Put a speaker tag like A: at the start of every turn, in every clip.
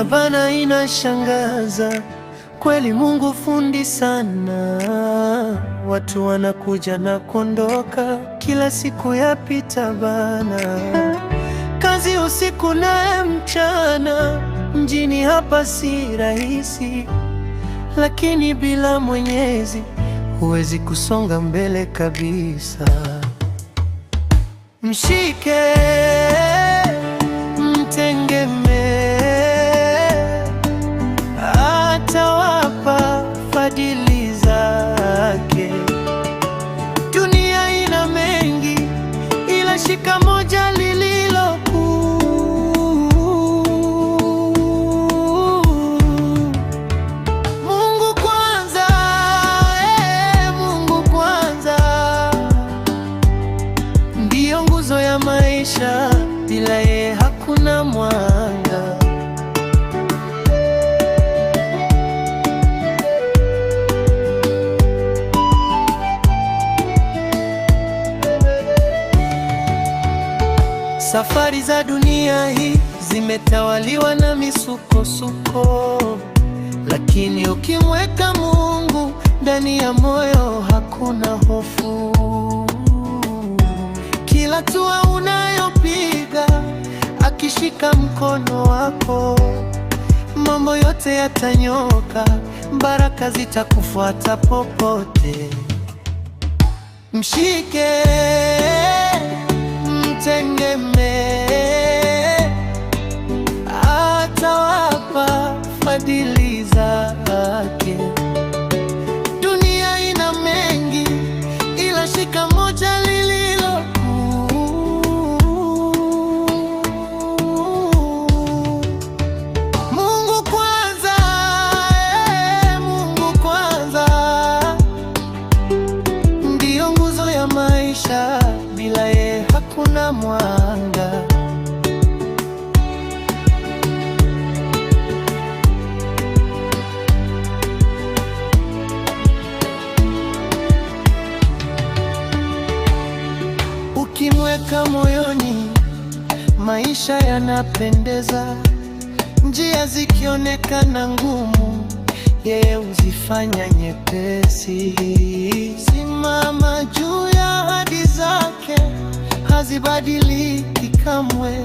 A: Dunia bana inashangaza kweli, Mungu fundi sana. Watu wanakuja na kuondoka, kila siku yapita bana, kazi usiku na mchana, mjini hapa si rahisi, lakini bila Mwenyezi huwezi kusonga mbele kabisa. Mshike ya maisha, bila yeye hakuna mwanga. Safari za dunia hii zimetawaliwa na misukosuko, lakini ukimweka Mungu ndani ya moyo hakuna hofu hatua unayopiga, akishika mkono wako, mambo yote yatanyoka, baraka zitakufuata popote. Mshike. bila ye hakuna mwanga. Ukimweka moyoni, maisha yanapendeza, njia zikionekana ngumu yeye huzifanya nyepesi. Simama juu ya ahadi zake, hazibadiliki kamwe,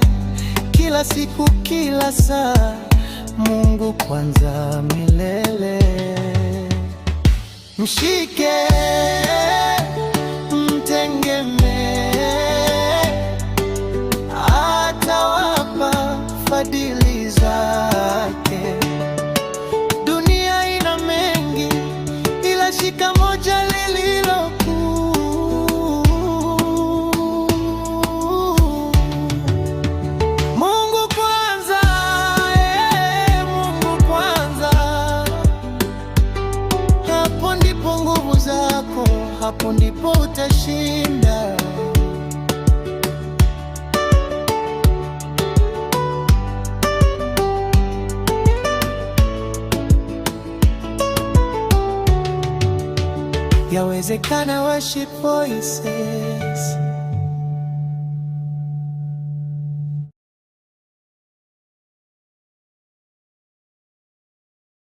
A: kila siku, kila saa. Mungu kwanza milele, mshike Yawezekana worship voices